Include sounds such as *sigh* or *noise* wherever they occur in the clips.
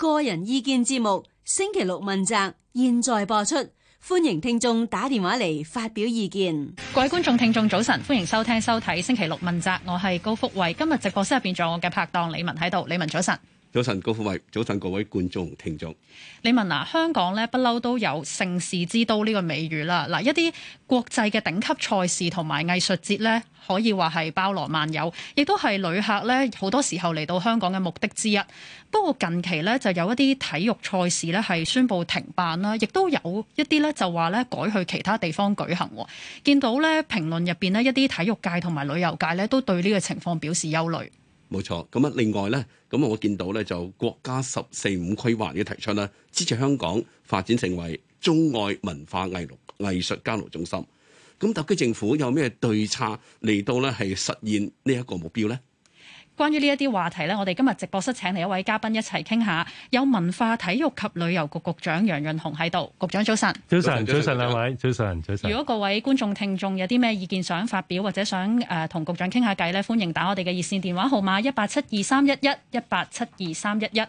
個人意見節目星期六問責，現在播出，歡迎聽眾打電話嚟發表意見。各位觀眾聽眾早晨，歡迎收聽收睇星期六問責，我係高福慧，今日直播室入邊仲有我嘅拍檔李文喺度，李文早晨。早晨，高富位早晨，各位觀眾、聽眾。你問啊，香港呢不嬲都有盛事之都呢個美譽啦。嗱，一啲國際嘅頂級賽事同埋藝術節呢，可以話係包羅萬有，亦都係旅客呢好多時候嚟到香港嘅目的之一。不過近期呢，就有一啲體育賽事呢係宣布停辦啦，亦都有一啲呢就話呢改去其他地方舉行。見到呢評論入邊呢，一啲體育界同埋旅遊界呢都對呢個情況表示憂慮。冇錯，咁啊另外咧，咁啊我見到咧，就國家十四五規劃已經提出啦，支持香港發展成為中外文化藝壇藝術交流中心。咁特區政府有咩對策嚟到咧係實現呢一個目標咧？關於呢一啲話題咧，我哋今日直播室請嚟一位嘉賓一齊傾下。有文化體育及旅遊局，局局長楊潤雄喺度，局長早晨。早晨，早晨兩位，早晨，早晨。如果各位觀眾聽眾有啲咩意見想發表，或者想誒同、呃、局長傾下計咧，歡迎打我哋嘅熱線電話號碼一八七二三一一一八七二三一一。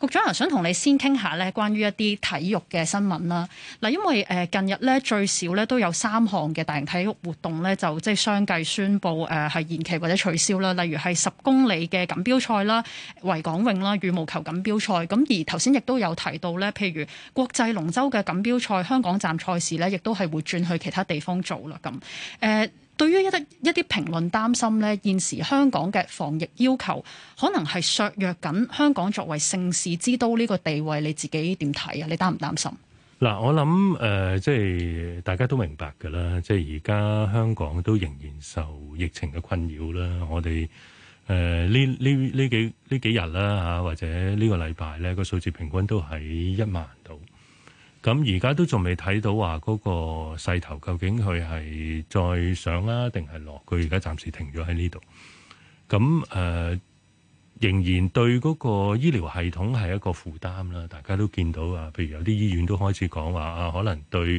局長我想同你先傾下咧，關於一啲體育嘅新聞啦。嗱，因為誒近日咧最少咧都有三項嘅大型體育活動咧，就即係相繼宣布誒係延期或者取消啦。例如係十公里嘅錦標賽啦、維港泳啦、羽毛球錦標賽。咁而頭先亦都有提到咧，譬如國際龍舟嘅錦標賽香港站賽事咧，亦都係會轉去其他地方做啦。咁、呃、誒。對於一啲一啲評論擔心咧，現時香港嘅防疫要求可能係削弱緊香港作為盛事之都呢個地位，你自己點睇啊？你擔唔擔心？嗱，我諗誒，即係大家都明白㗎啦，即係而家香港都仍然受疫情嘅困擾啦。我哋誒呢呢呢幾呢幾日啦嚇，或者呢個禮拜咧，個數字平均都喺一萬度。咁而家都仲未睇到話嗰個勢頭究竟佢係再上啊，定係落？佢而家暫時停咗喺呢度。咁誒、呃、仍然對嗰個醫療系統係一個負擔啦。大家都見到啊，譬如有啲醫院都開始講話啊，可能對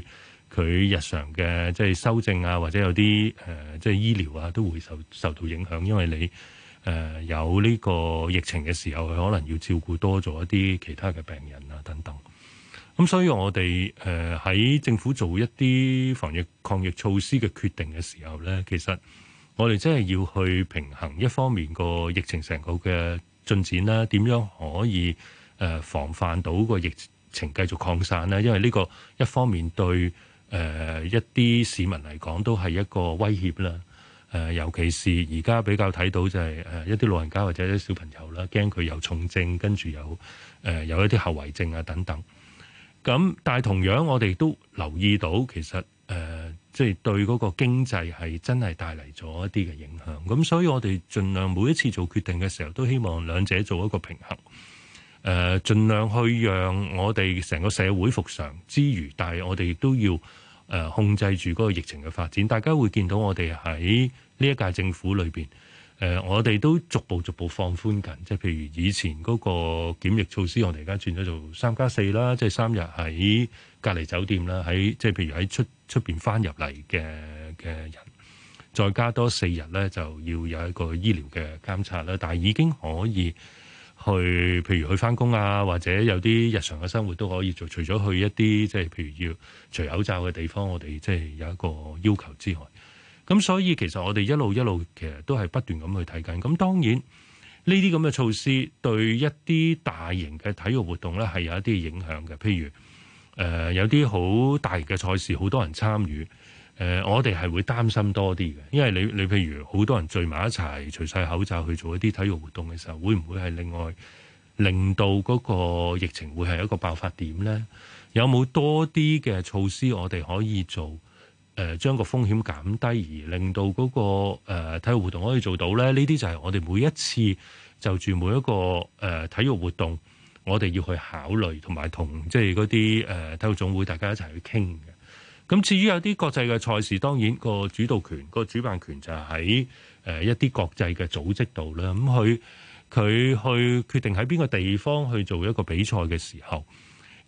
佢日常嘅即係修正啊，或者有啲誒、呃、即係醫療啊，都會受受到影響，因為你誒、呃、有呢個疫情嘅時候，佢可能要照顧多咗一啲其他嘅病人啊等等。咁、嗯、所以我哋誒喺政府做一啲防疫抗疫措施嘅決定嘅時候咧，其實我哋真係要去平衡一方面個疫情成個嘅進展啦，點樣可以誒防範到個疫情繼續擴散咧？因為呢個一方面對誒、呃、一啲市民嚟講都係一個威脅啦、呃。尤其是而家比較睇到就係一啲老人家或者一啲小朋友啦，驚佢有重症，跟住有誒、呃、有一啲後遺症啊等等。咁，但係同樣我哋都留意到，其實誒，即、呃、係、就是、對嗰個經濟係真係帶嚟咗一啲嘅影響。咁所以，我哋盡量每一次做決定嘅時候，都希望兩者做一個平衡。誒、呃，盡量去讓我哋成個社會復常之餘，但係我哋亦都要、呃、控制住嗰個疫情嘅發展。大家會見到我哋喺呢一屆政府裏面。呃，我哋都逐步逐步放寬緊，即係譬如以前嗰個檢疫措施我，我哋而家轉咗做三加四啦，即係三日喺隔離酒店啦，喺即係譬如喺出出邊翻入嚟嘅嘅人，再加多四日咧，就要有一個醫療嘅監察啦。但係已經可以去，譬如去翻工啊，或者有啲日常嘅生活都可以做，除咗去一啲即係譬如要除口罩嘅地方，我哋即係有一個要求之外。咁所以其實我哋一路一路其實都係不斷咁去睇緊。咁當然呢啲咁嘅措施對一啲大型嘅體育活動咧係有一啲影響嘅。譬如誒有啲好大型嘅賽事，好多人參與誒，我哋係會擔心多啲嘅，因為你你譬如好多人聚埋一齊除晒口罩去做一啲體育活動嘅時候，會唔會係另外令到嗰個疫情會係一個爆發點咧？有冇多啲嘅措施我哋可以做？誒將個風險減低，而令到嗰個誒體育活動可以做到咧，呢啲就係我哋每一次就住每一個誒體育活動，我哋要去考慮同埋同即係嗰啲誒體育總會大家一齊去傾嘅。咁至於有啲國際嘅賽事，當然個主導權、個主辦權就係喺誒一啲國際嘅組織度啦。咁佢佢去決定喺邊個地方去做一個比賽嘅時候，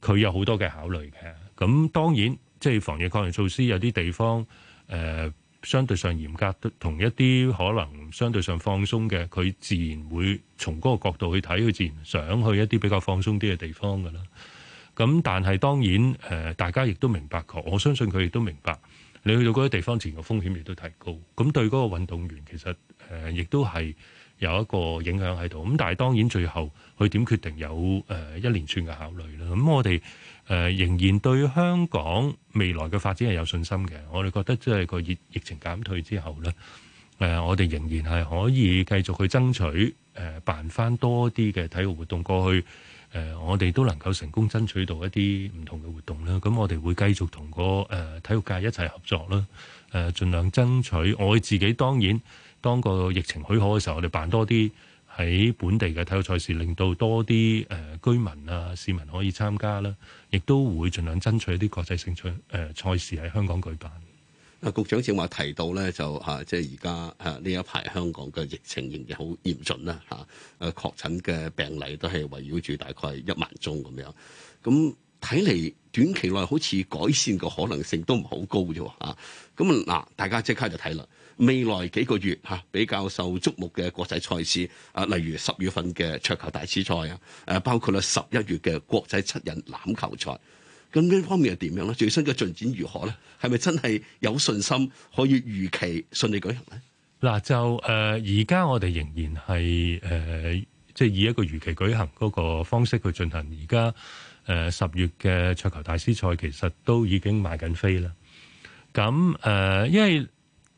佢有好多嘅考慮嘅。咁當然。即係防疫抗疫措施有啲地方，誒、呃、相對上嚴格，同一啲可能相對上放鬆嘅，佢自然會從嗰個角度去睇，佢自然想去一啲比較放鬆啲嘅地方㗎喇。咁但係當然誒、呃，大家亦都明白確，我相信佢亦都明白，你去到嗰啲地方前嘅風險亦都提高，咁對嗰個運動員其實誒亦、呃、都係有一個影響喺度。咁但係當然最後佢點決定有誒一連串嘅考慮啦。咁我哋。誒、呃、仍然對香港未來嘅發展係有信心嘅，我哋覺得即係個疫疫情減退之後咧，誒、呃、我哋仍然係可以繼續去爭取，誒、呃、辦翻多啲嘅體育活動。過去，誒、呃、我哋都能夠成功爭取到一啲唔同嘅活動啦。咁我哋會繼續同個誒、呃、體育界一齊合作啦，誒、呃、盡量爭取。我自己當然，當個疫情許可嘅時候，我哋辦多啲。喺本地嘅體育賽事，令到多啲誒、居民啊市民可以參加啦，亦都會盡量爭取啲國際性賽、誒賽事喺香港舉辦。啊，局長正話提到咧，就嚇即係而家啊呢一排香港嘅疫情仍然好嚴峻啦嚇，誒確診嘅病例都係圍繞住大概一萬宗咁樣，咁睇嚟短期內好似改善嘅可能性都唔好高啫喎嚇。咁嗱，大家即刻就睇啦。未來幾個月嚇比較受矚目嘅國際賽事啊，例如十月份嘅桌球大師賽啊，誒包括啦十一月嘅國際七人欖球賽，咁呢方面係點樣咧？最新嘅進展如何咧？係咪真係有信心可以如期順利舉行咧？嗱、呃呃，就誒而家我哋仍然係誒即係以一個如期舉行嗰個方式去進行現在。而家誒十月嘅桌球大師賽其實都已經買緊飛啦。咁誒、呃，因為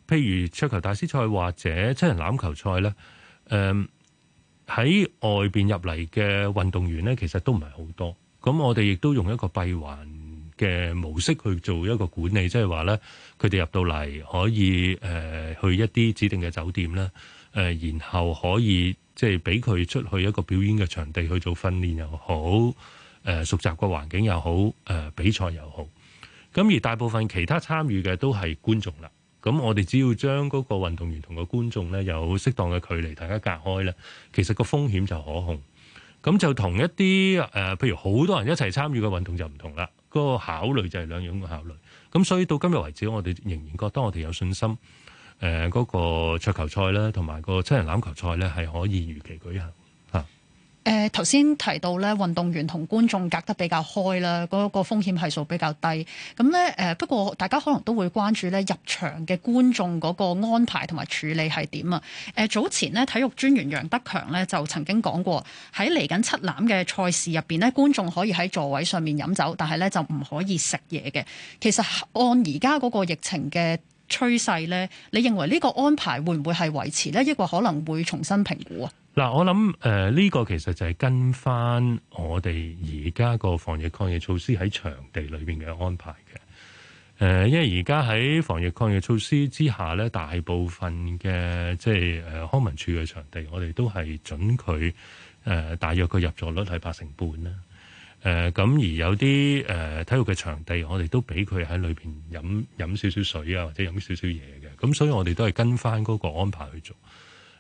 譬如桌球大師賽或者七人欖球賽咧，誒、嗯，喺外邊入嚟嘅運動員咧，其實都唔係好多。咁我哋亦都用一個閉環嘅模式去做一個管理，即係話咧佢哋入到嚟可以誒、呃、去一啲指定嘅酒店啦，誒、呃，然後可以即係俾佢出去一個表演嘅場地去做訓練又好，誒、呃，熟習個環境又好，誒、呃、比賽又好。咁而大部分其他參與嘅都係觀眾啦。咁我哋只要將嗰個運動員同個觀眾咧有適當嘅距離，大家隔開咧，其實個風險就可控。咁就同一啲誒、呃，譬如好多人一齊參與嘅運動就唔同啦。嗰、那個考慮就係兩樣嘅考慮。咁所以到今日為止，我哋仍然覺得當我哋有信心。誒、呃，嗰、那個桌球賽咧，同埋個七人欖球賽咧，係可以如期舉行。誒頭先提到咧，運動員同觀眾隔得比較開啦，嗰個風險係數比較低。咁咧誒，不過大家可能都會關注咧，入場嘅觀眾嗰個安排同埋處理係點啊？誒早前咧，體育專員楊德強咧就曾經講過，喺嚟緊七欖嘅賽事入面，咧，觀眾可以喺座位上面飲酒，但係咧就唔可以食嘢嘅。其實按而家嗰個疫情嘅趨勢咧，你認為呢個安排會唔會係維持咧？抑或可能會重新評估啊？嗱，我諗誒，呢、這個其實就係跟翻我哋而家個防疫抗疫措施喺場地裏邊嘅安排嘅。誒、呃，因為而家喺防疫抗疫措施之下咧，大部分嘅即係誒、呃、康文署嘅場地，我哋都係准佢誒、呃、大約個入座率係八成半啦。誒、呃，咁而有啲誒、呃、體育嘅場地，我哋都俾佢喺裏邊飲飲少少水啊，或者飲少少嘢嘅。咁所以我哋都係跟翻嗰個安排去做。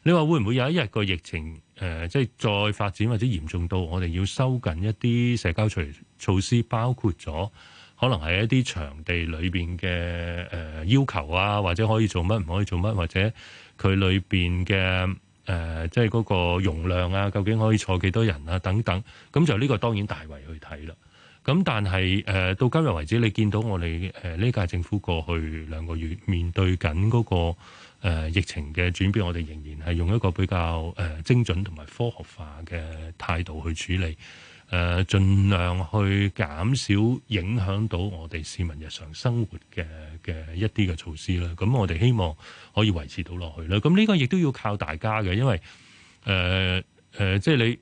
你話會唔會有一日個疫情、呃、即係再發展或者嚴重到我哋要收緊一啲社交措措施，包括咗可能係一啲場地裏面嘅、呃、要求啊，或者可以做乜唔可以做乜，或者佢裏面嘅、呃、即係嗰個容量啊，究竟可以坐幾多人啊等等。咁就呢個當然大圍去睇啦。咁但係、呃、到今日為止，你見到我哋、呃、呢屆政府過去兩個月面對緊嗰個。誒、呃、疫情嘅轉變，我哋仍然係用一個比較、呃、精準同埋科學化嘅態度去處理，誒、呃、盡量去減少影響到我哋市民日常生活嘅嘅一啲嘅措施啦。咁我哋希望可以維持到落去啦。咁呢個亦都要靠大家嘅，因為誒誒、呃呃，即係你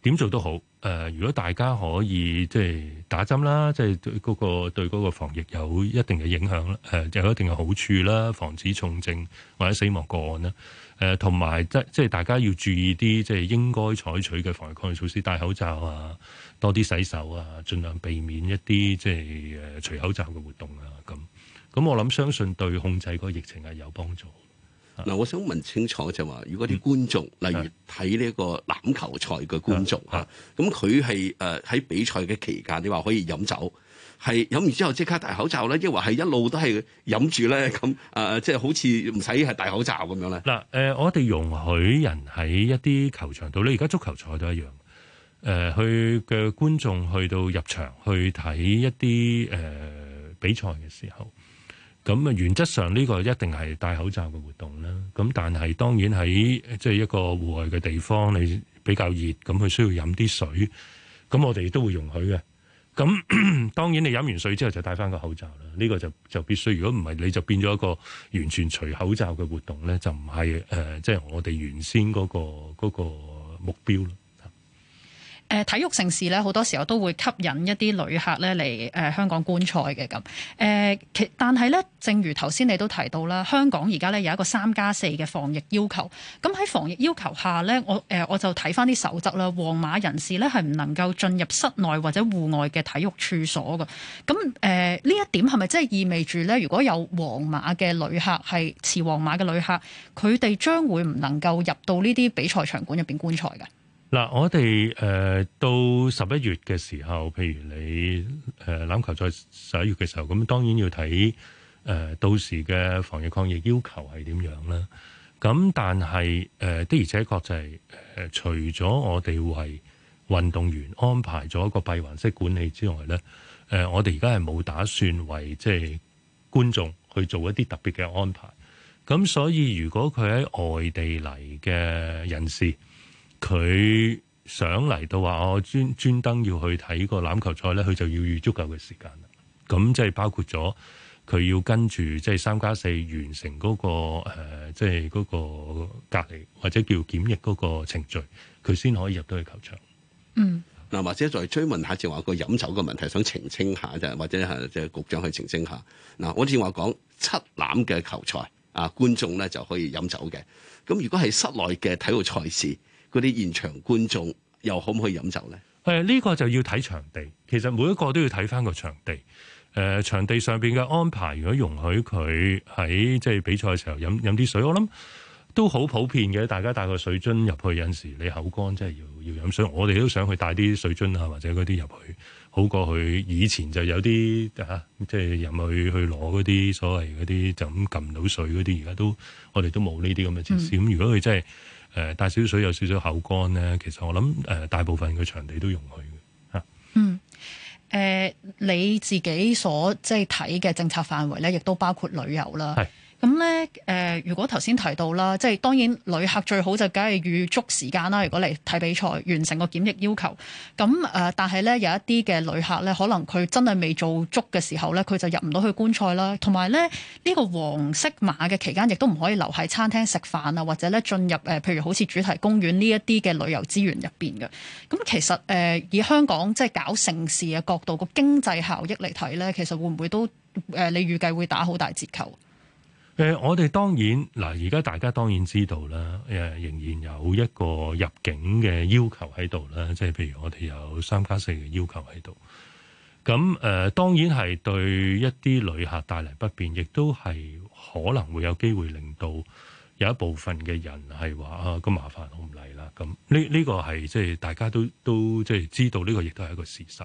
點做都好。誒、呃，如果大家可以即係打針啦，即係對嗰個對嗰個防疫有一定嘅影響啦、呃，有一定嘅好處啦，防止重症或者死亡個案啦。誒、呃，同埋即即係大家要注意啲，即係應該採取嘅防疫抗疫措施，戴口罩啊，多啲洗手啊，盡量避免一啲即係除口罩嘅活動啊。咁咁，我諗相信對控制嗰個疫情係有幫助。嗱、嗯，我想問清楚就話，如果啲觀眾，例如睇呢個籃球賽嘅觀眾嚇，咁佢係誒喺比賽嘅期間，你話可以飲酒，係飲完之後即刻戴口罩咧，抑或係一路都係飲住咧，咁誒即係好似唔使係戴口罩咁樣咧？嗱、嗯，誒、呃、我哋容許人喺一啲球場度，你而家足球賽都一樣，誒、呃、去嘅觀眾去到入場去睇一啲誒、呃、比賽嘅時候。咁啊，原則上呢個一定係戴口罩嘅活動啦。咁但係當然喺即係一個戶外嘅地方，你比較熱，咁佢需要飲啲水。咁我哋都會容許嘅。咁當然你飲完水之後，就戴翻個口罩啦。呢個就就必須，如果唔係，你就變咗一個完全除口罩嘅活動咧，就唔係誒，即係我哋原先嗰個嗰個目標。誒、呃、體育城市咧，好多時候都會吸引一啲旅客咧嚟誒香港觀賽嘅。咁。誒、呃、其但係咧，正如頭先你都提到啦，香港而家咧有一個三加四嘅防疫要求。咁喺防疫要求下咧，我、呃、我就睇翻啲守則啦。黃碼人士咧係唔能夠進入室內或者戶外嘅體育處所㗎。咁誒呢一點係咪即係意味住咧，如果有黃碼嘅旅客係持黃碼嘅旅客，佢哋將會唔能夠入到呢啲比賽場館入面觀賽嘅？嗱，我哋誒、呃、到十一月嘅時候，譬如你誒欖、呃、球賽十一月嘅時候，咁當然要睇誒、呃、到時嘅防疫抗疫要求係點樣啦。咁但係誒、呃、的而且確就係、是、誒、呃、除咗我哋會係運動員安排咗一個閉環式管理之外咧，誒、呃、我哋而家係冇打算為即係觀眾去做一啲特別嘅安排。咁所以如果佢喺外地嚟嘅人士，佢想嚟到話，我專專登要去睇個欖球賽咧，佢就要預足夠嘅時間啦。咁即係包括咗佢要跟住即係三加四完成嗰個誒，即係嗰個隔離或者叫檢疫嗰個程序，佢先可以入到去球場。嗯，嗱，或者再追問下就話個飲酒嘅問題，想澄清下就，或者係即係局長去澄清下嗱。好似話講七欖嘅球賽啊，觀眾咧就可以飲酒嘅。咁如果係室內嘅體育賽事，嗰啲現場觀眾又可唔可以飲酒咧？誒，呢、這個就要睇場地。其實每一個都要睇翻個場地。誒、呃，場地上面嘅安排，如果容許佢喺即係比賽嘅時候飲飲啲水，我諗都好普遍嘅。大家帶個水樽入去，有陣時你口乾即係、就是、要要飲水。我哋都想去帶啲水樽啊，或者嗰啲入去，好過去以前就有啲吓，即係入去去攞嗰啲所謂嗰啲就咁撳到水嗰啲。而家都我哋都冇呢啲咁嘅設施。咁、嗯、如果佢真係誒帶少少水有少少口乾咧，其實我諗誒、呃、大部分嘅場地都容許嘅、啊、嗯，誒、呃、你自己所即係睇嘅政策範圍咧，亦都包括旅遊啦。係。咁咧，誒、呃，如果頭先提到啦，即係當然旅客最好就梗係預足時間啦。如果嚟睇比賽，完成個檢疫要求咁誒、呃，但係咧有一啲嘅旅客咧，可能佢真係未做足嘅時候咧，佢就入唔到去觀賽啦。同埋咧，呢、呢個黃色碼嘅期間，亦都唔可以留喺餐廳食飯啊，或者咧進入誒、呃，譬如好似主題公園呢一啲嘅旅遊資源入邊嘅。咁其實誒、呃，以香港即係搞城市嘅角度、個經濟效益嚟睇咧，其實會唔會都誒、呃？你預計會打好大折扣？誒、呃，我哋當然嗱，而家大家當然知道啦。誒、嗯，仍然有一個入境嘅要求喺度啦，即係譬如我哋有三加四嘅要求喺度。咁誒、呃，當然係對一啲旅客帶嚟不便，亦都係可能會有機會令到有一部分嘅人係話啊，咁麻煩我唔嚟啦。咁呢呢個係即係大家都都即係知道呢個亦都係一個事實。誒、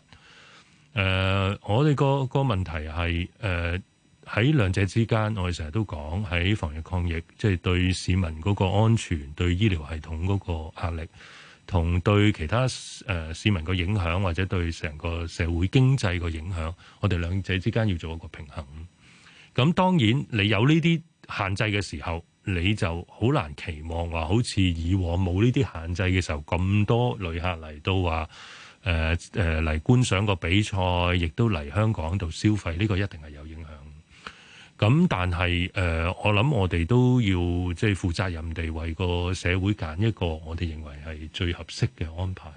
呃，我哋個個問題係誒。呃喺兩者之間，我哋成日都講，喺防疫抗疫，即係對市民嗰個安全、對醫療系統嗰個壓力，同對其他誒市民個影響，或者對成個社會經濟個影響，我哋兩者之間要做一個平衡。咁當然，你有呢啲限制嘅時候，你就好難期望話好似以往冇呢啲限制嘅時候，咁多旅客嚟到，話誒誒嚟觀賞個比賽，亦都嚟香港度消費呢個，一定係有影響。咁但係誒、呃，我諗我哋都要即係負責任地為個社會揀一個我哋認為係最合適嘅安排。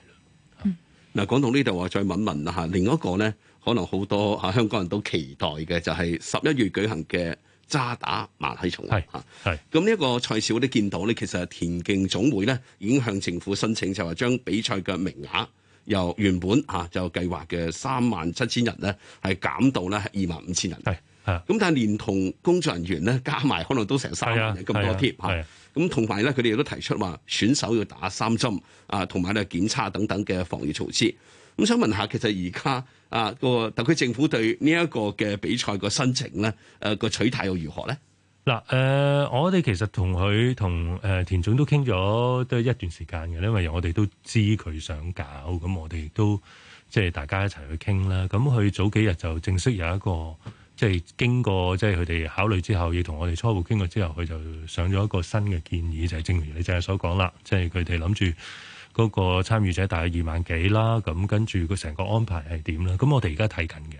嗱、嗯，講到呢度，我再問問啦，嚇，另一個呢，可能好多嚇香港人都期待嘅，就係十一月舉行嘅渣打馬拉松係，嚇係。咁呢一個賽事，我哋見到呢，其實田徑總會呢已經向政府申請，就係將比賽嘅名額由原本嚇，就計劃嘅三萬七千人呢，係減到咧二萬五千人。咁但係連同工作人員咧，加埋可能都成三人咁多貼嚇。咁同埋咧，佢哋亦都提出話選手要打三針啊，同埋咧檢測等等嘅防疫措施。咁想問下，其實而家啊個特區政府對呢一個嘅比賽個申請咧，誒、啊、個取態又如何咧？嗱、呃、誒，我哋其實同佢同誒田總都傾咗都係一段時間嘅，因為我哋都知佢想搞，咁我哋亦都即係大家一齊去傾啦。咁佢早幾日就正式有一個。即係經過即係佢哋考慮之後，要同我哋初步傾過之後，佢就上咗一個新嘅建議，就係、是、正如你正所講啦。即係佢哋諗住嗰個參與者大約二萬幾啦，咁跟住個成個安排係點啦？咁我哋而家睇緊嘅。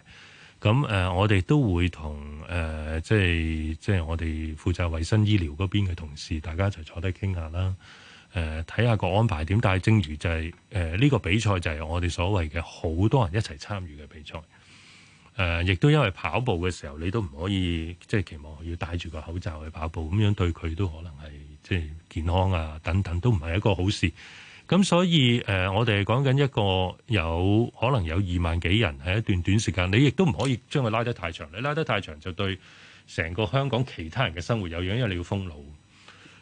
咁誒、呃，我哋都會同誒、呃、即係即係我哋負責衞生醫療嗰邊嘅同事，大家一齊坐低傾下啦。誒、呃，睇下個安排點。但係正如就係誒呢個比賽就係我哋所謂嘅好多人一齊參與嘅比賽。誒、呃，亦都因為跑步嘅時候，你都唔可以即係期望要戴住個口罩去跑步，咁樣對佢都可能係即係健康啊等等都唔係一個好事。咁所以誒、呃，我哋講緊一個有可能有二萬幾人喺一段短時間，你亦都唔可以將佢拉得太長。你拉得太長就對成個香港其他人嘅生活有影響，因為你要封路。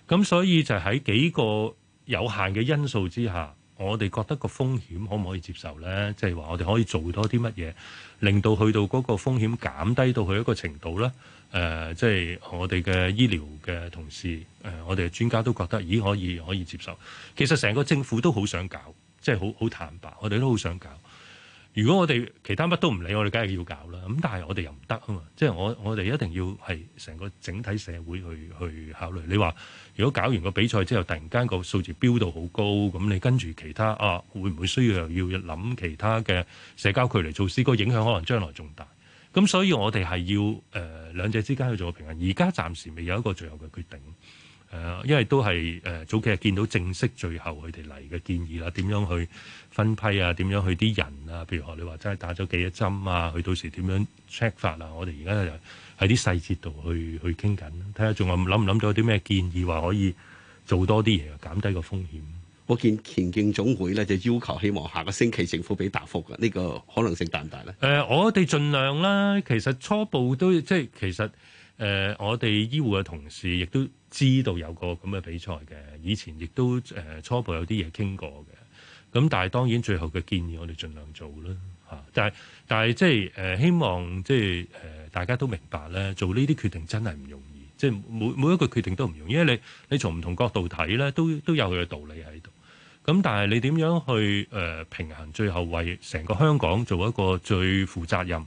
咁所以就喺幾個有限嘅因素之下。我哋覺得個風險可唔可以接受呢？即係話我哋可以做多啲乜嘢，令到去到嗰個風險減低到去一個程度呢？誒，即係我哋嘅醫療嘅同事，誒，我哋專家都覺得，咦，可以可以接受。其實成個政府都好想搞，即係好好坦白，我哋都好想搞。如果我哋其他乜都唔理，我哋梗係要搞啦。咁但係我哋又唔得啊嘛，即係我我哋一定要係成個整體社會去去考慮。你話如果搞完個比賽之後，突然間個數字飆到好高，咁你跟住其他啊，會唔會需要又要諗其他嘅社交距離措施？個影響可能將來仲大。咁所以我哋係要誒兩者之間去做個平衡。而家暫時未有一個最後嘅決定。係啊，因為都係誒、呃，早幾日見到正式最後佢哋嚟嘅建議啦，點樣去分批啊，點樣去啲人啊，譬如學你話齋打咗幾針啊，佢到時點樣 check 法啊，我哋而家喺啲細節度去去傾緊，睇下仲有諗唔諗到啲咩建議，話可以做多啲嘢減低個風險。我見田徑總會咧就要求希望下個星期政府俾答覆㗎，呢、這個可能性大唔大咧？誒、呃，我哋盡量啦，其實初步都即係其實。誒、呃，我哋醫護嘅同事亦都知道有個咁嘅比賽嘅，以前亦都誒、呃、初步有啲嘢傾過嘅。咁但係當然最後嘅建議，我哋盡量做啦嚇、啊。但係但係即係誒，希望即係誒，大家都明白咧，做呢啲決定真係唔容易。即係每每一個決定都唔容易，因為你你從唔同角度睇咧，都都有佢嘅道理喺度。咁但係你點樣去誒、呃、平衡？最後為成個香港做一個最負責任。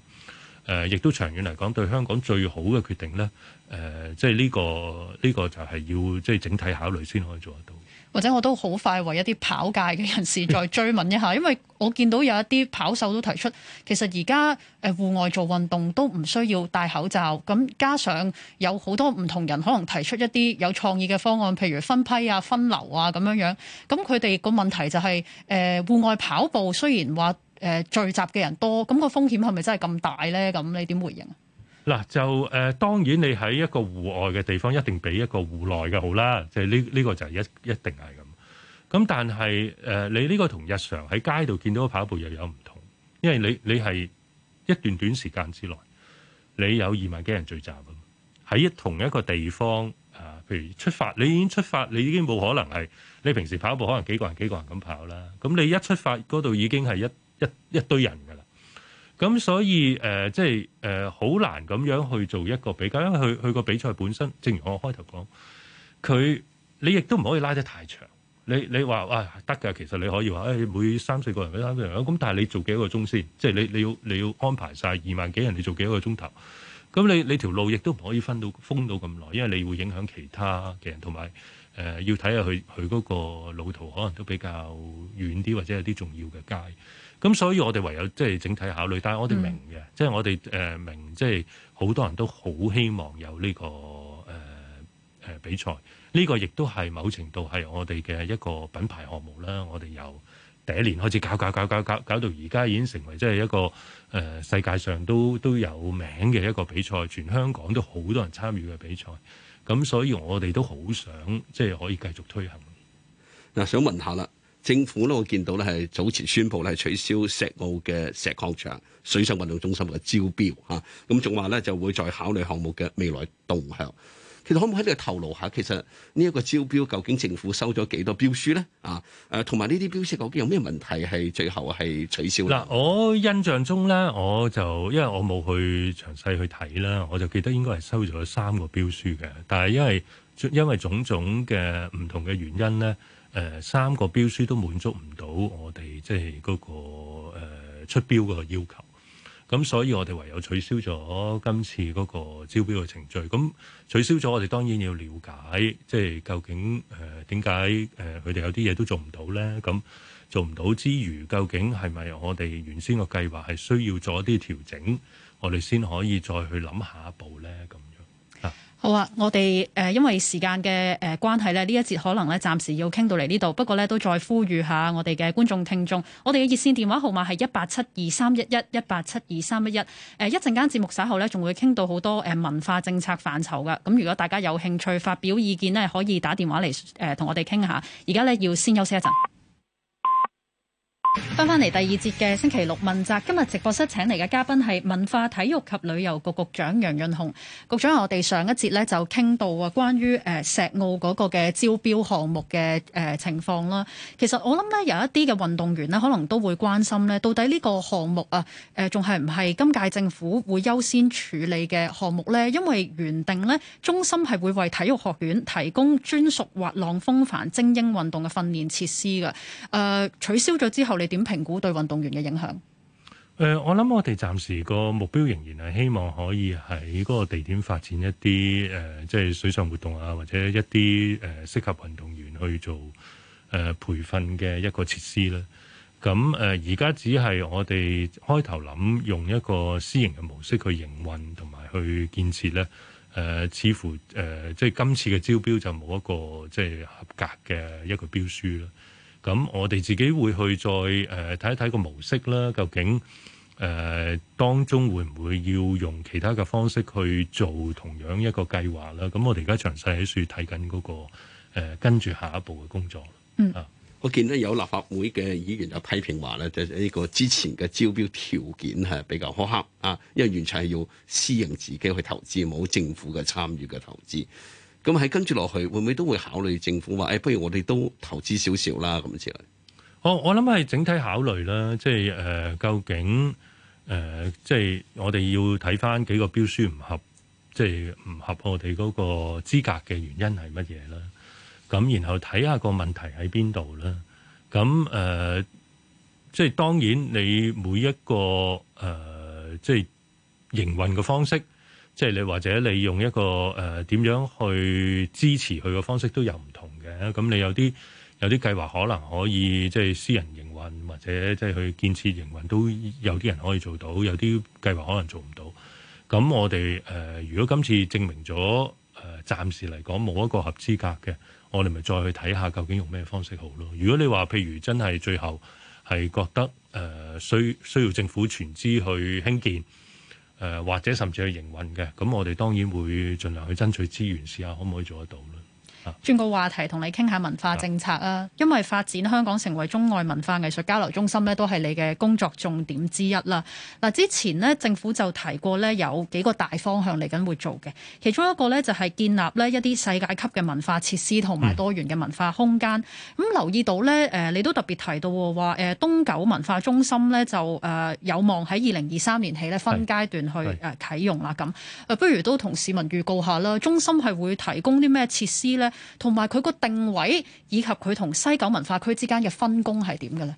誒，亦都長遠嚟講對香港最好嘅決定呢，誒、呃，即係呢個呢個就係要即係整體考慮先可以做得到。或者我都好快為一啲跑界嘅人士再追問一下， *laughs* 因為我見到有一啲跑手都提出，其實而家誒戶外做運動都唔需要戴口罩。咁加上有好多唔同人可能提出一啲有創意嘅方案，譬如分批啊、分流啊咁樣樣。咁佢哋個問題就係誒戶外跑步雖然話，聚集嘅人多，咁個風險係咪真係咁大呢？咁你點回應啊？嗱，就、呃、誒，當然你喺一個戶外嘅地方，一定比一個戶內嘅好啦。即係呢呢個就係一一定係咁。咁但係誒、呃，你呢個同日常喺街度見到跑步又有唔同，因為你你係一段短時間之內，你有二萬幾人聚集喺同一個地方誒、啊，譬如出發，你已經出發，你已經冇可能係你平時跑步可能幾個人幾個人咁跑啦。咁你一出發嗰度已經係一。一一堆人噶啦，咁所以誒，即係誒，好、就是呃、難咁樣去做一個比較，因為佢佢個比賽本身，正如我開頭講，佢你亦都唔可以拉得太長。你你話哇得㗎，其實你可以話誒、哎、每三四個人、每三四個人咁，但係你做幾個鐘先？即、就、係、是、你你要你要安排晒二萬幾人，你做幾個鐘頭？咁你你條路亦都唔可以分到封到咁耐，因為你會影響其他嘅人同埋。誒、呃、要睇下佢佢嗰個路途可能都比較遠啲，或者有啲重要嘅街。咁所以，我哋唯有即係整體考慮。但係我哋明嘅，即、嗯、係、就是、我哋誒、呃、明、就是，即係好多人都好希望有呢、這個誒誒、呃呃、比賽。呢、這個亦都係某程度係我哋嘅一個品牌項目啦。我哋由第一年開始搞搞搞搞搞，搞到而家已經成為即係一個誒、呃、世界上都都有名嘅一個比賽，全香港都好多人參與嘅比賽。咁所以我們，我哋都好想即係可以繼續推行。嗱，想問下啦，政府咧，我見到咧係早前宣布咧係取消石澳嘅石礦場水上運動中心嘅招標嚇，咁仲話咧就會再考慮項目嘅未來動向。其實可唔可以喺度透露下，其實呢一個招標究竟政府收咗幾多標書咧？啊，誒同埋呢啲標書究竟有咩問題，係最後係取消？嗱，我印象中咧，我就因為我冇去詳細去睇啦，我就記得應該係收咗三個標書嘅，但係因為因為種種嘅唔同嘅原因咧，誒、呃、三個標書都滿足唔到我哋即係、那、嗰個、呃、出標嘅要求。咁所以我哋唯有取消咗今次嗰個招標嘅程序。咁取消咗，我哋當然要了解，即係究竟誒點解誒佢哋有啲嘢都做唔到咧？咁做唔到之餘，究竟係咪我哋原先個計劃係需要做一啲調整，我哋先可以再去諗下一步？好啊，我哋誒，因為時間嘅誒關係咧，呢一節可能咧暫時要傾到嚟呢度。不過咧都再呼籲下我哋嘅觀眾聽眾，我哋嘅熱線電話號碼係一八七二三一一一八七二三一一。誒，一陣間節目稍後咧仲會傾到好多誒文化政策範疇噶。咁如果大家有興趣發表意見咧，可以打電話嚟誒同我哋傾下。而家咧要先休息一陣。翻翻嚟第二節嘅星期六問責，今日直播室請嚟嘅嘉賓係文化體育及旅遊局局長楊潤雄。局長，我哋上一節咧就傾到啊，關於誒石澳嗰個嘅招標項目嘅誒情況啦。其實我諗呢有一啲嘅運動員呢，可能都會關心呢到底呢個項目啊，誒仲係唔係今屆政府會優先處理嘅項目呢？因為原定呢中心係會為體育學院提供專屬滑浪風帆精英運動嘅訓練設施嘅，誒、呃、取消咗之後。你點評估對運動員嘅影響？誒、呃，我諗我哋暫時個目標仍然係希望可以喺嗰個地點發展一啲誒，即、呃、係、就是、水上活動啊，或者一啲誒適合運動員去做誒、呃、培訓嘅一個設施啦。咁、呃、誒，而家只係我哋開頭諗用一個私營嘅模式去營運同埋去建設咧。誒、呃，似乎誒，即、呃、係、就是、今次嘅招標就冇一個即係、就是、合格嘅一個標書啦。咁我哋自己會去再誒睇一睇個模式啦，究竟誒、呃、當中會唔會要用其他嘅方式去做同樣一個計劃啦？咁我哋而家詳細喺處睇緊嗰個、呃、跟住下一步嘅工作。嗯，我見咧有立法會嘅議員有批評話咧，就、係、呢個之前嘅招標條件係比較苛刻啊，因為完全係要私營自己去投資，冇政府嘅參與嘅投資。咁喺跟住落去，會唔會都會考慮政府話誒不如我哋都投資少少啦，咁之類，我我諗係整體考慮啦，即係誒、呃、究竟誒、呃、即係我哋要睇翻幾個標書唔合，即係唔合我哋嗰個資格嘅原因係乜嘢啦？咁然後睇下個問題喺邊度啦。咁誒、呃、即係當然你每一個誒、呃、即係營運嘅方式。即係你或者你用一個誒點、呃、樣去支持佢嘅方式都有唔同嘅，咁你有啲有啲計劃可能可以即係、就是、私人營運或者即係去建設營運都有啲人可以做到，有啲計劃可能做唔到。咁我哋誒、呃、如果今次證明咗誒、呃、暫時嚟講冇一個合資格嘅，我哋咪再去睇下究竟用咩方式好咯。如果你話譬如真係最後係覺得誒需、呃、需要政府全資去興建。誒、呃、或者甚至去營運嘅，咁我哋當然會盡量去爭取資源，試下可唔可以做得到咧？轉個話題，同你傾下文化政策啊、嗯！因為發展香港成為中外文化藝術交流中心咧，都係你嘅工作重點之一啦。嗱，之前咧政府就提過咧有幾個大方向嚟緊會做嘅，其中一個咧就係建立呢一啲世界級嘅文化設施同埋多元嘅文化空間。咁、嗯、留意到咧，你都特別提到話，誒東九文化中心咧就有望喺二零二三年起咧分階段去誒啟用啦。咁不如都同市民預告下啦，中心係會提供啲咩設施咧？同埋佢個定位以及佢同西九文化區之間嘅分工係點嘅呢？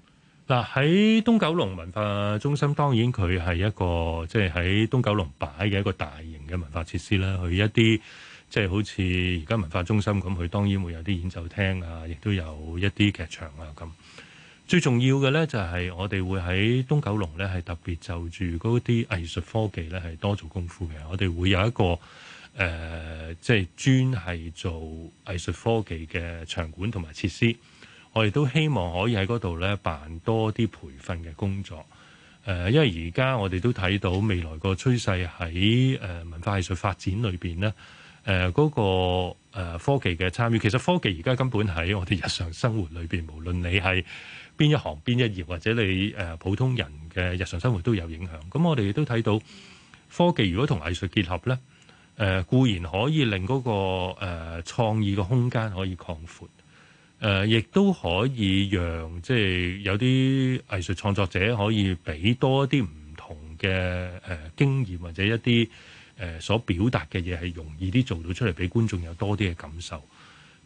嗱，喺東九龍文化中心，當然佢係一個即係喺東九龍擺嘅一個大型嘅文化設施啦。佢一啲即係好似而家文化中心咁，佢當然會有啲演奏廳啊，亦都有一啲劇場啊咁。最重要嘅呢，就係我哋會喺東九龍呢，係特別就住嗰啲藝術科技呢，係多做功夫嘅。我哋會有一個。誒、呃，即係專係做藝術科技嘅場館同埋設施，我哋都希望可以喺嗰度咧辦多啲培訓嘅工作。呃、因為而家我哋都睇到未來個趨勢喺文化藝術發展裏面，咧、呃。嗰、嗰個、呃、科技嘅參與，其實科技而家根本喺我哋日常生活裏面，無論你係邊一行邊一業，或者你、呃、普通人嘅日常生活都有影響。咁我哋亦都睇到科技如果同藝術結合咧。誒、呃、固然可以令嗰、那個誒、呃、創意嘅空間可以擴闊，誒、呃、亦都可以讓即係有啲藝術創作者可以俾多一啲唔同嘅誒、呃、經驗或者一啲誒、呃、所表達嘅嘢係容易啲做到出嚟，俾觀眾有多啲嘅感受。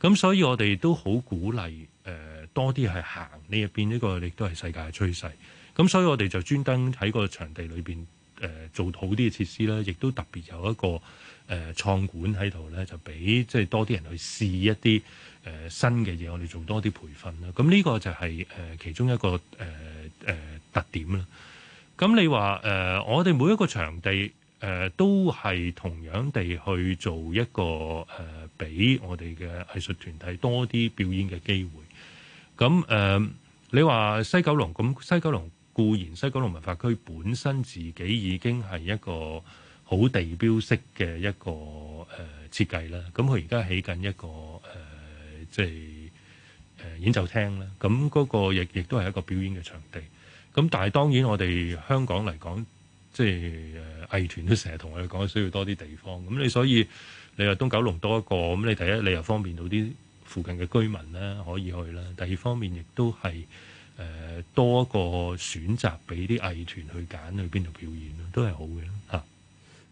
咁所以我哋都好鼓勵誒、呃、多啲去行呢一邊，呢個亦都係世界嘅趨勢。咁所以我哋就專登喺個場地裏邊誒做好啲嘅設施啦，亦都特別有一個。誒創館喺度咧，就俾即係多啲人去試一啲誒、呃、新嘅嘢，我哋做多啲培訓啦。咁呢個就係、是、誒、呃、其中一個誒誒、呃呃、特點啦。咁你話誒、呃，我哋每一個場地誒、呃、都係同樣地去做一個誒，俾、呃、我哋嘅藝術團體多啲表演嘅機會。咁誒、呃，你話西九龍咁，西九龍固然西九龍文化區本身自己已經係一個。好地標式嘅一個誒、呃、設計啦，咁佢而家起緊一個誒、呃，即係誒、呃、演奏廳啦。咁嗰個亦亦都係一個表演嘅場地。咁但係當然我哋香港嚟講，即係、呃、藝團都成日同我哋講需要多啲地方。咁你所以你話東九龍多一個，咁你第一你又方便到啲附近嘅居民啦，可以去啦。第二方面亦都係誒、呃、多一個選擇俾啲藝團去揀去邊度表演咯，都係好嘅嚇。啊。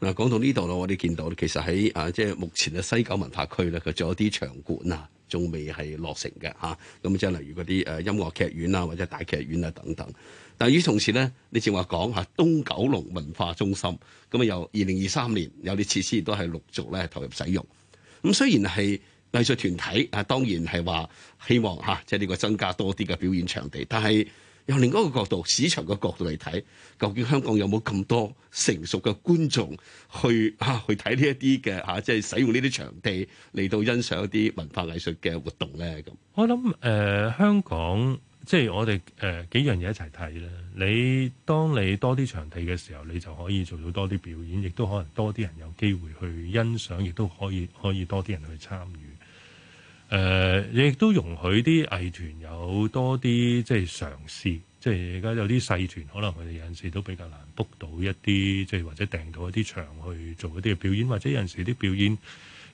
嗱，講到呢度咯，我哋見到咧，其實喺啊，即係目前嘅西九文化區咧，佢仲有啲場館啊，仲未係落成嘅嚇。咁即係例如嗰啲誒音樂劇院啊，或者大劇院啊等等。但係與此同時咧，你正話講嚇東九龍文化中心，咁啊由二零二三年有啲設施都係陸續咧投入使用。咁雖然係藝術團體啊，當然係話希望嚇，即係呢個增加多啲嘅表演場地，但係，由另一個角度，市場嘅角度嚟睇，究竟香港有冇咁多成熟嘅觀眾去嚇、啊、去睇呢一啲嘅吓，即、啊、係、就是、使用呢啲場地嚟到欣賞一啲文化藝術嘅活動咧？咁我諗誒、呃、香港即係、就是、我哋誒、呃、幾樣嘢一齊睇啦。你當你多啲場地嘅時候，你就可以做到多啲表演，亦都可能多啲人有機會去欣賞，亦都可以可以多啲人去參與。誒、呃，亦都容許啲藝團有多啲即係嘗試。即係而家有啲細團，可能佢哋有陣時都比較難 book 到一啲，即係或者訂到一啲場去做一啲嘅表演，或者有陣時啲表演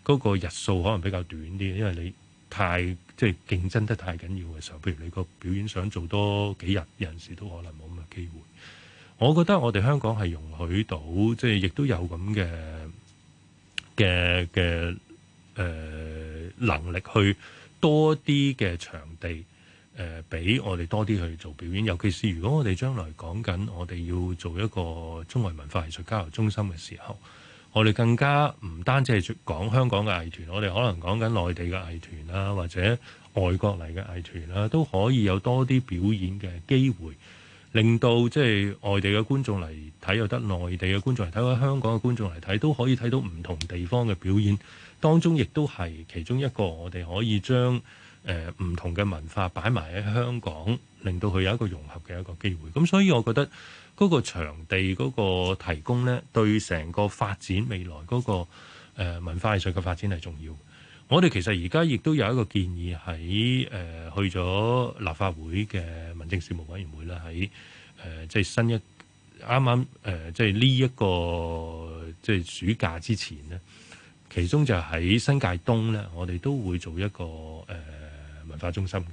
嗰個日數可能比較短啲，因為你太即係競爭得太緊要嘅時候。譬如你個表演想做多幾日，有陣時都可能冇咁嘅機會。我覺得我哋香港係容許到，即係亦都有咁嘅嘅嘅。誒、呃、能力去多啲嘅場地誒，俾、呃、我哋多啲去做表演。尤其是如果我哋將來講緊我哋要做一個中外文化藝術交流中心嘅時候，我哋更加唔單止係講香港嘅藝團，我哋可能講緊內地嘅藝團啦，或者外國嚟嘅藝團啦，都可以有多啲表演嘅機會，令到即係外地嘅觀眾嚟睇，又得內地嘅觀眾嚟睇，或者香港嘅觀眾嚟睇，都可以睇到唔同地方嘅表演。當中亦都係其中一個我哋可以將誒唔同嘅文化擺埋喺香港，令到佢有一個融合嘅一個機會。咁所以，我覺得嗰個場地嗰個提供呢，對成個發展未來嗰、嗰個、呃、文化藝術嘅發展係重要的。我哋其實而家亦都有一個建議喺誒、呃、去咗立法會嘅民政事務委員會啦，喺誒即係新一啱啱誒即係呢一個即係、即係、暑假之前咧。其中就喺新界東咧，我哋都會做一個誒、呃、文化中心嘅。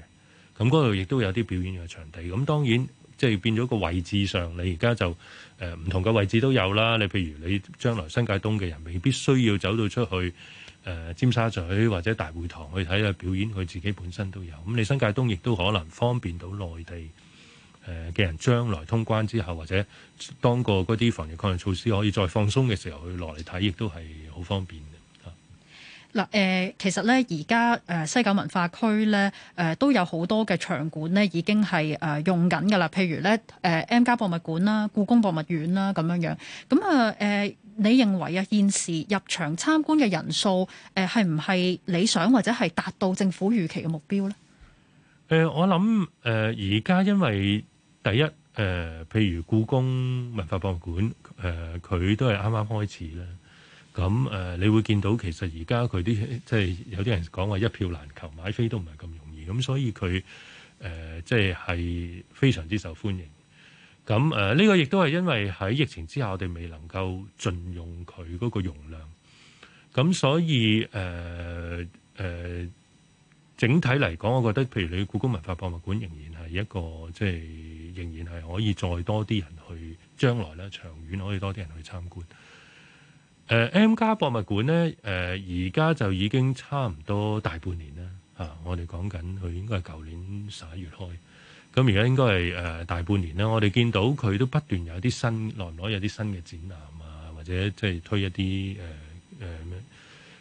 咁嗰度亦都有啲表演嘅場地。咁當然即係、就是、變咗個位置上，你而家就誒唔、呃、同嘅位置都有啦。你譬如你將來新界東嘅人未必需要走到出去誒、呃、尖沙咀或者大會堂去睇下表演，佢自己本身都有。咁你新界東亦都可能方便到內地誒嘅、呃、人，將來通關之後或者當過嗰啲防疫抗疫措施可以再放鬆嘅時候，去落嚟睇，亦都係好方便的。嗱誒，其實咧，而家誒西九文化區咧，誒都有好多嘅場館咧，已經係誒用緊嘅啦。譬如咧，誒 M+ 博物館啦、故宮博物院啦咁樣樣。咁啊誒，你認為啊現時入場參觀嘅人數誒，係唔係理想或者係達到政府預期嘅目標咧？誒、呃，我諗誒，而家因為第一誒、呃，譬如故宮文化博物館誒，佢、呃、都係啱啱開始啦。咁誒、呃，你會見到其實而家佢啲即係有啲人講話一票難求，買飛都唔係咁容易，咁所以佢誒即係係非常之受歡迎。咁誒，呢、呃這個亦都係因為喺疫情之下，我哋未能夠盡用佢嗰個容量。咁所以誒誒、呃呃，整體嚟講，我覺得譬如你故宮文化博物館仍然係一個即係、就是、仍然係可以再多啲人去，將來啦長遠可以多啲人去參觀。呃、M+ 博物館咧，誒而家就已經差唔多大半年啦、嚇、我哋講緊佢應該係舊年十一月開，咁而家應該係誒大半年啦。我哋見到佢都不斷有啲新來來有啲新嘅展覽啊，或者即係推一啲誒誒咩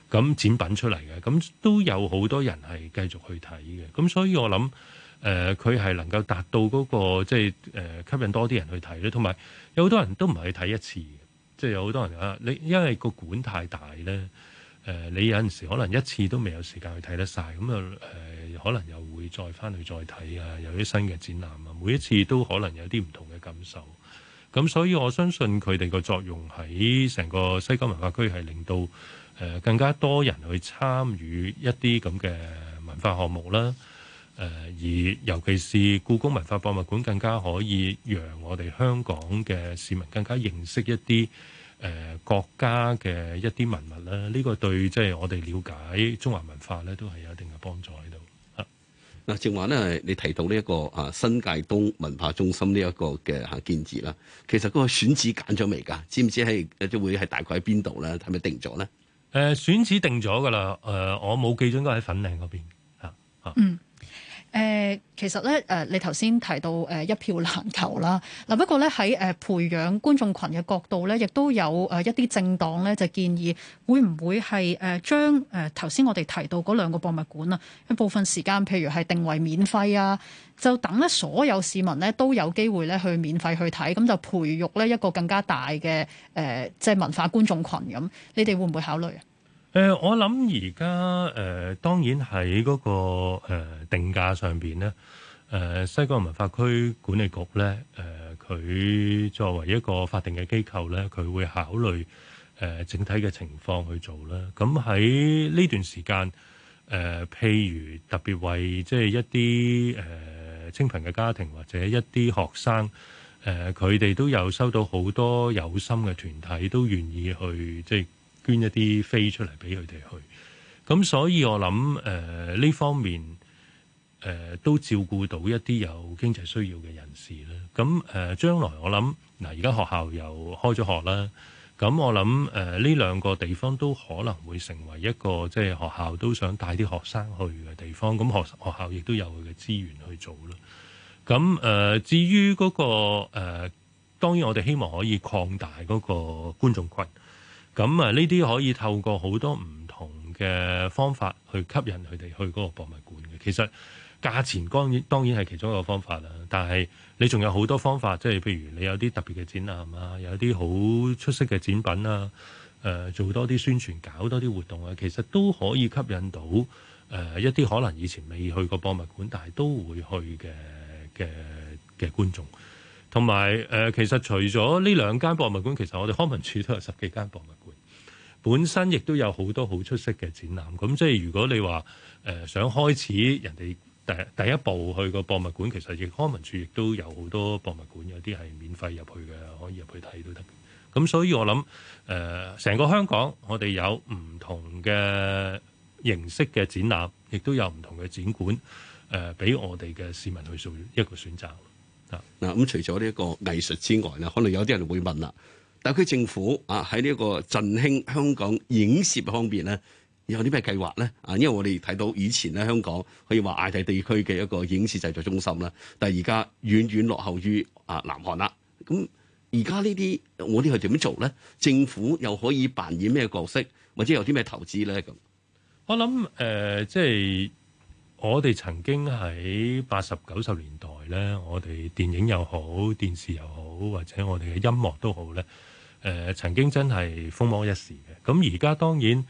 咁展品出嚟嘅，咁都有好多人係繼續去睇嘅。咁所以我諗誒佢係能夠達到嗰、嗰個即係誒吸引多啲人去睇咧，同埋有好多人都唔係去睇一次。即係有好多人啊！你因為個館太大咧，誒、呃、你有陣時可能一次都未有時間去睇得晒，咁啊誒可能又會再翻去再睇啊，有啲新嘅展覽啊，每一次都可能有啲唔同嘅感受。咁所以我相信佢哋個作用喺成個西九文化區係令到誒、呃、更加多人去參與一啲咁嘅文化項目啦。誒而尤其是故宮文化博物館更加可以讓我哋香港嘅市民更加認識一啲誒、呃、國家嘅一啲文物啦。呢、這個對即係、就是、我哋了解中華文化咧，都係有一定嘅幫助喺度嚇。嗱，正話咧，你提到呢、這、一個啊新界東文化中心呢一個嘅嚇建設啦，其實嗰個選址揀咗未噶？知唔知係即會係大概喺邊度咧？係咪定咗咧？誒選址定咗噶啦。誒我冇記準，應該喺粉嶺嗰邊嚇嗯。誒其實咧，誒你頭先提到誒一票難求啦，嗱不過咧喺誒培養觀眾群嘅角度咧，亦都有誒一啲政黨咧就建議，會唔會係誒將誒頭先我哋提到嗰兩個博物館啊，一部分時間譬如係定為免費啊，就等咧所有市民咧都有機會咧去免費去睇，咁就培育咧一個更加大嘅誒即係文化觀眾群咁，你哋會唔會考慮啊？誒、呃，我諗而家誒，當然喺嗰、嗰個、呃、定價上面咧，誒、呃、西九文化區管理局咧，誒、呃、佢作為一個法定嘅機構咧，佢會考慮誒、呃、整體嘅情況去做啦。咁喺呢段時間，誒、呃、譬如特別為即係一啲誒、呃、清貧嘅家庭或者一啲學生，誒佢哋都有收到好多有心嘅團體都願意去即係，捐一啲飛出嚟俾佢哋去，咁所以我諗誒呢方面誒、呃、都照顧到一啲有經濟需要嘅人士啦。咁誒、呃、將來我諗嗱，而家學校又開咗學啦，咁我諗誒呢兩個地方都可能會成為一個即係、就是、學校都想帶啲學生去嘅地方。咁學學校亦都有佢嘅資源去做啦。咁誒、呃、至於嗰、那個誒、呃，當然我哋希望可以擴大嗰個觀眾群。咁啊，呢啲可以透過好多唔同嘅方法去吸引佢哋去嗰個博物館嘅。其實價錢當然當然係其中一個方法啦，但係你仲有好多方法，即係譬如你有啲特別嘅展覽啊，有啲好出色嘅展品啊、呃，做多啲宣傳，搞多啲活動啊，其實都可以吸引到、呃、一啲可能以前未去過博物館，但係都會去嘅嘅嘅觀眾。同埋、呃、其實除咗呢兩間博物館，其實我哋康文署都有十幾間博物館，本身亦都有好多好出色嘅展覽。咁即係如果你話、呃、想開始人哋第第一步去個博物館，其實亦康文署亦都有好多博物館，有啲係免費入去嘅，可以入去睇都得。咁所以我諗、呃、成個香港我哋有唔同嘅形式嘅展覽，亦都有唔同嘅展館誒，俾、呃、我哋嘅市民去做一個選擇。嗱、嗯，咁除咗呢一個藝術之外咧，可能有啲人會問啦。特區政府啊，喺呢一個振興香港影視方面咧，有啲咩計劃咧？啊，因為我哋睇到以前咧，香港可以話亞太地區嘅一個影視製作中心啦，但係而家遠遠落後於啊南韓啦。咁而家呢啲我哋係點做咧？政府又可以扮演咩角色，或者有啲咩投資咧？咁我諗誒、呃，即係。我哋曾經喺八十九十年代呢，我哋電影又好，電視又好，或者我哋嘅音樂都好呢，呃，曾經真係風魔一時嘅。咁而家當然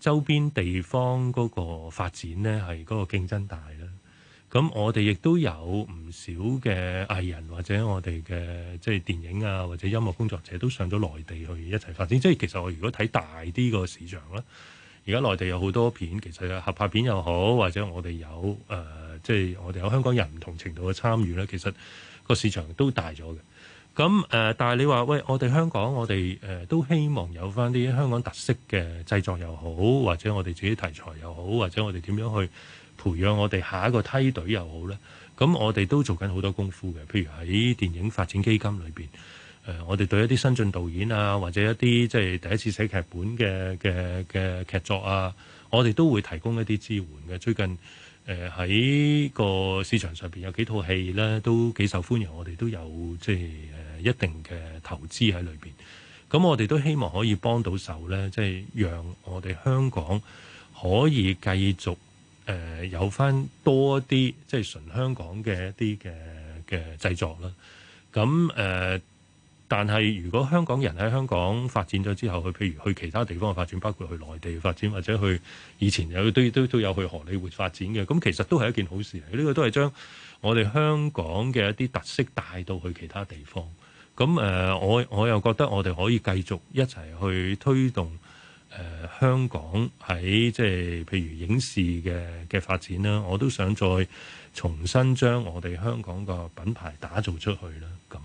周邊地方嗰個發展呢，係嗰個競爭大啦。咁我哋亦都有唔少嘅藝人或者我哋嘅即係電影啊或者音樂工作者都上咗內地去一齊發展。即係其實我如果睇大啲個市場啦。而家內地有好多片，其實合拍片又好，或者我哋有即係、呃就是、我哋有香港人唔同程度嘅參與咧，其實個市場都大咗嘅。咁、呃、但係你話喂，我哋香港，我哋、呃、都希望有返啲香港特色嘅製作又好，或者我哋自己題材又好，或者我哋點樣去培養我哋下一個梯隊又好咧？咁我哋都做緊好多功夫嘅，譬如喺電影發展基金裏面。誒、呃，我哋對一啲新晉導演啊，或者一啲即係第一次寫劇本嘅嘅嘅劇作啊，我哋都會提供一啲支援嘅。最近誒喺、呃、個市場上邊有幾套戲咧，都幾受歡迎，我哋都有即係誒一定嘅投資喺裏邊。咁我哋都希望可以幫到手咧，即、就、係、是、讓我哋香港可以繼續誒、呃、有翻多啲即係純香港嘅一啲嘅嘅製作啦。咁誒。呃。但係，如果香港人喺香港發展咗之後，佢譬如去其他地方發展，包括去內地發展，或者去以前都有都都都有去荷里活發展嘅，咁其實都係一件好事嚟。呢、這個都係將我哋香港嘅一啲特色帶到去其他地方。咁我我又覺得我哋可以繼續一齊去推動、呃、香港喺即係譬如影視嘅嘅發展啦。我都想再重新將我哋香港個品牌打造出去啦。咁。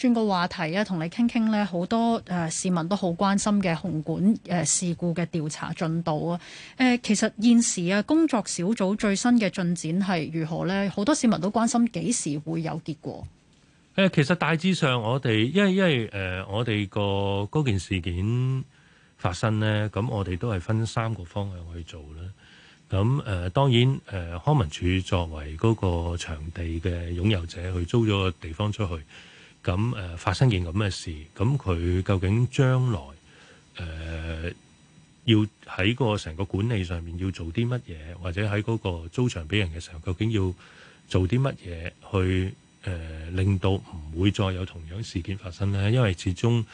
轉個話題啊，同你傾傾咧，好多誒、呃、市民都好關心嘅紅館誒事故嘅調查進度啊。誒、呃，其實現時啊，工作小組最新嘅進展係如何咧？好多市民都關心幾時會有結果。誒、呃，其實大致上我哋，因為因為誒、呃，我哋個嗰件事件發生咧，咁我哋都係分三個方向去做啦。咁誒、呃，當然誒、呃，康文署作為嗰個場地嘅擁有者，去租咗個地方出去。咁誒發生件咁嘅事，咁佢究竟將來誒要喺個成個管理上面要做啲乜嘢，或者喺嗰個租場俾人嘅時候，究竟要做啲乜嘢去誒令到唔會再有同樣事件發生呢？因為始終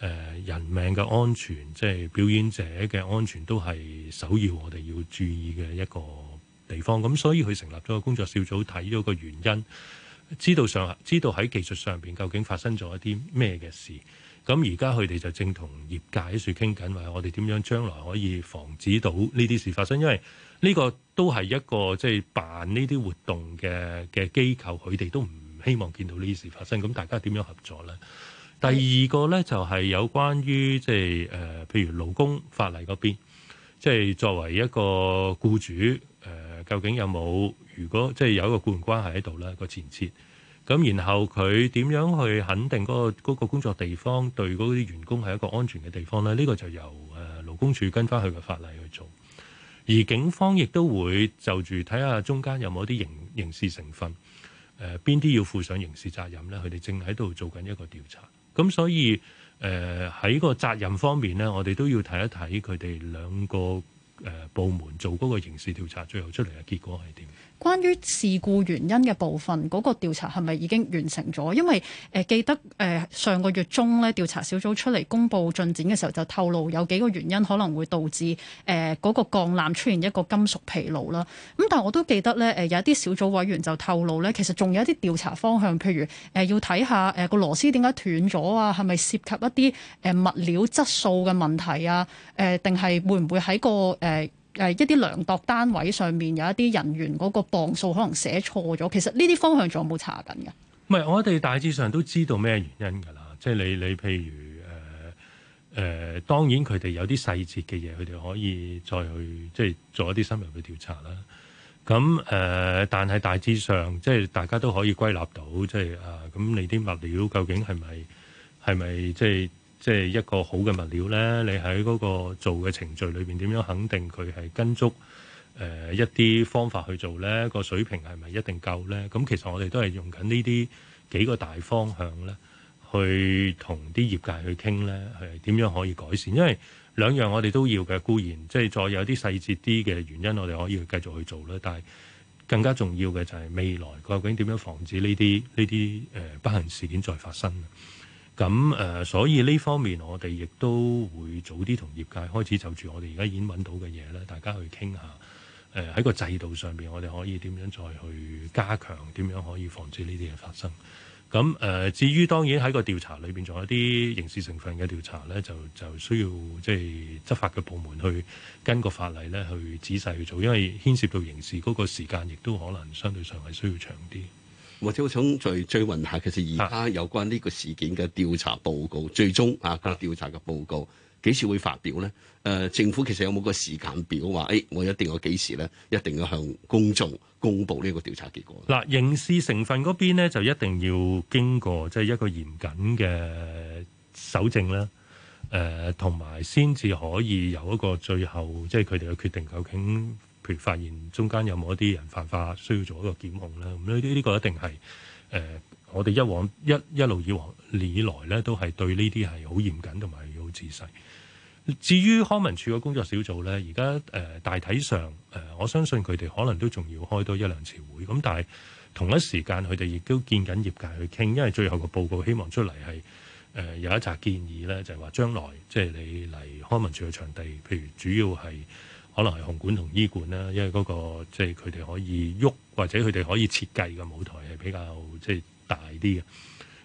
誒人命嘅安全，即係表演者嘅安全都係首要，我哋要注意嘅一個地方。咁所以佢成立咗個工作小組，睇咗個原因。知道上知道喺技術上邊究竟發生咗一啲咩嘅事？咁而家佢哋就正同業界喺處傾緊話，我哋點樣將來可以防止到呢啲事發生？因為呢個都係一個即係、就是、辦呢啲活動嘅嘅機構，佢哋都唔希望見到呢啲事發生。咁大家點樣合作咧？第二個咧就係、是、有關於即係誒，譬如勞工法例嗰邊，即、就、係、是、作為一個僱主誒、呃、究竟有冇？如果即係有一個雇傭關係喺度啦個前設，咁，然後，佢點樣去肯定嗰、那個嗰、那個工作地方對嗰啲員工係一個安全嘅地方咧？呢、這個就由誒勞工處跟翻去嘅法例去做，而警方亦都會就住睇下中間有冇啲刑刑事成分，誒邊啲要負上刑事責任咧？佢哋正喺度做緊一個調查，咁所以誒喺、呃、個責任方面咧，我哋都要睇一睇佢哋兩個誒、呃、部門做嗰個刑事調查，最後出嚟嘅結果係點。關於事故原因嘅部分，嗰、那個調查係咪已經完成咗？因為誒、呃、記得誒、呃、上個月中咧，調查小組出嚟公布進展嘅時候，就透露有幾個原因可能會導致誒嗰、呃那個鋼纜出現一個金屬疲勞啦。咁但我都記得咧，誒、呃、有一啲小組委員就透露咧，其實仲有一啲調查方向，譬如誒、呃、要睇下誒、呃那個螺絲點解斷咗啊，係咪涉及一啲誒、呃、物料質素嘅問題啊？誒定係會唔會喺個誒？呃誒、呃、一啲量度單位上面有一啲人員嗰個磅數可能寫錯咗，其實呢啲方向仲有冇查緊㗎？唔係，我哋大致上都知道咩原因㗎啦。即係你你譬如誒誒、呃呃，當然佢哋有啲細節嘅嘢，佢哋可以再去即係做一啲深入嘅調查啦。咁誒、呃，但係大致上即係大家都可以歸納到，即係啊，咁你啲物料究竟係咪係咪即係？即係一個好嘅物料呢，你喺嗰個做嘅程序裏面點樣肯定佢係跟足誒一啲方法去做呢？個水平係咪一定夠呢？咁其實我哋都係用緊呢啲幾個大方向呢去同啲業界去傾呢，係點樣可以改善？因為兩樣我哋都要嘅，固然即係、就是、再有啲細節啲嘅原因，我哋可以繼續去做啦。但係更加重要嘅就係未來究竟點樣防止呢啲呢啲不幸事件再發生。咁誒、呃，所以呢方面我哋亦都會早啲同業界開始就住我哋而家已經揾到嘅嘢咧，大家去傾下。誒、呃、喺個制度上面，我哋可以點樣再去加強，點樣可以防止呢啲嘢發生？咁誒、呃，至於當然喺個調查裏邊，仲有啲刑事成分嘅調查咧，就就需要即係、就是、執法嘅部門去跟個法例咧去仔細去做，因為牽涉到刑事嗰個時間，亦都可能相對上係需要長啲。或者我想再追問下，其實而家有關呢個事件嘅調查報告，最終啊、那個、調查嘅報告幾時會發表咧？誒、呃，政府其實有冇個時間表話？誒、哎，我一定要幾時咧，一定要向公眾公布呢個調查結果。嗱，刑事成分嗰邊咧，就一定要經過即係一個嚴謹嘅搜證啦。誒、呃，同埋先至可以有一個最後，即係佢哋嘅決定究竟。譬如發現中間有冇一啲人犯法，需要做一個檢控啦。咁呢呢個一定係、呃、我哋一往一一路以往以來呢都係對呢啲係好嚴謹同埋好仔細。至於康文署嘅工作小組呢，而家、呃、大體上、呃、我相信佢哋可能都仲要開多一兩次會。咁但係同一時間，佢哋亦都見緊業界去傾，因為最後嘅報告希望出嚟係、呃、有一紮建議呢，就係、是、話將來即係、就是、你嚟康文署嘅場地，譬如主要係。可能係紅館同伊館啦，因為嗰、那個即係佢哋可以喐，或者佢哋可以設計嘅舞台係比較即係、就是、大啲嘅。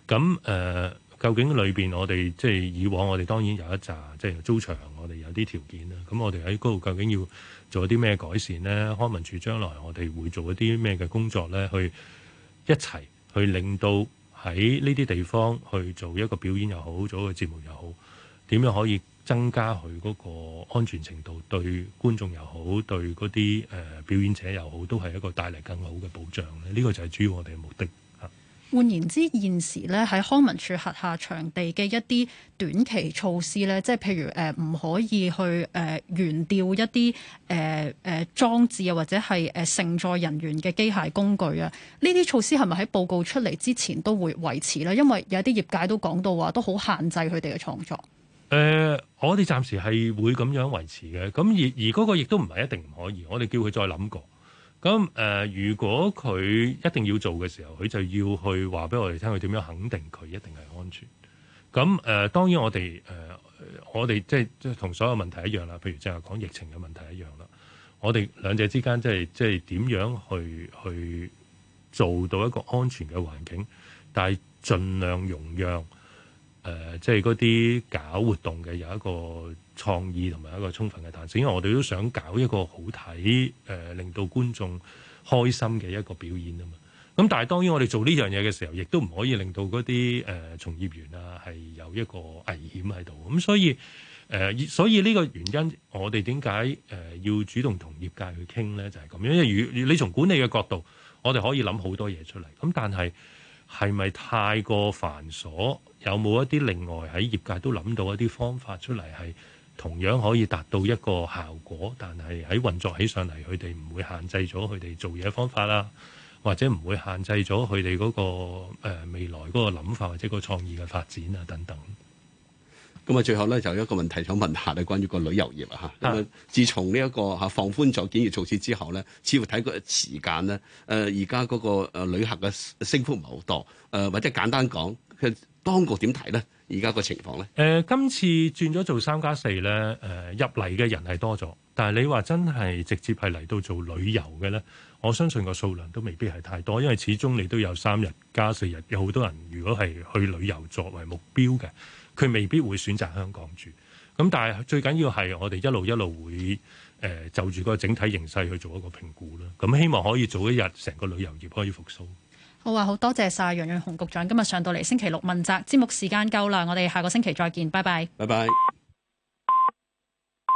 咁誒、呃，究竟裏邊我哋即係以往我哋當然有一扎即係租場，我哋有啲條件啦。咁我哋喺嗰度究竟要做啲咩改善呢？康文署將來我哋會做一啲咩嘅工作呢？去一齊去令到喺呢啲地方去做一個表演又好，做一個節目又好，點樣可以？增加佢嗰個安全程度，對觀眾又好，對嗰啲誒表演者又好，都係一個帶嚟更好嘅保障咧。呢、這個就係主要我哋嘅目的嚇。換言之，現時咧喺康文署轄下場地嘅一啲短期措施咧，即係譬如誒唔、呃、可以去誒、呃、懸吊一啲誒誒裝置啊，或者係誒盛載人員嘅機械工具啊，呢啲措施係咪喺報告出嚟之前都會維持咧？因為有啲業界都講到話，都好限制佢哋嘅創作。誒、呃，我哋暫時係會咁樣維持嘅。咁而而嗰個亦都唔係一定唔可以。我哋叫佢再諗過。咁誒、呃，如果佢一定要做嘅時候，佢就要去話俾我哋聽，佢點樣肯定佢一定係安全。咁誒、呃，當然我哋誒、呃，我哋即係即係同所有問題一樣啦。譬如正話講疫情嘅問題一樣啦。我哋兩者之間即係即係點樣去去做到一個安全嘅環境，但係盡量容讓。誒、呃，即係嗰啲搞活動嘅有一個創意同埋一個充分嘅彈性，因為我哋都想搞一個好睇、呃、令到觀眾開心嘅一個表演啊嘛。咁但係當然我哋做呢樣嘢嘅時候，亦都唔可以令到嗰啲誒從業員啊係有一個危險喺度。咁所以誒，所以呢、呃、個原因，我哋點解誒要主動同業界去傾咧，就係、是、咁樣。因為如你從管理嘅角度，我哋可以諗好多嘢出嚟。咁但係。係咪太過繁瑣？有冇一啲另外喺業界都諗到一啲方法出嚟，係同樣可以達到一個效果，但係喺運作起上嚟，佢哋唔會限制咗佢哋做嘢方法啦，或者唔會限制咗佢哋嗰個、呃、未來嗰個諗法，或者個創意嘅發展啊等等。咁啊，最後咧就有一個問題想問下你關於、啊、個旅遊業啊。咁，自從呢一個吓放寬咗檢疫措施之後咧，似乎睇、呃、個時間咧，誒，而家嗰個誒旅客嘅升幅唔係好多。誒、呃，或者簡單講，佢當局點睇咧？而家個情況咧？誒、呃，今次轉咗做三加四咧，誒，入嚟嘅人係多咗，但係你話真係直接係嚟到做旅遊嘅咧，我相信個數量都未必係太多，因為始終你都有三日加四日，有好多人如果係去旅遊作為目標嘅。佢未必會選擇香港住，咁但係最緊要係我哋一路一路會誒、呃、就住個整體形勢去做一個評估啦。咁希望可以早一日成個旅遊業可以復甦。好啊，好多謝晒楊潤雄局長。今日上到嚟星期六問責節目時間夠啦，我哋下個星期再見，拜拜。拜拜。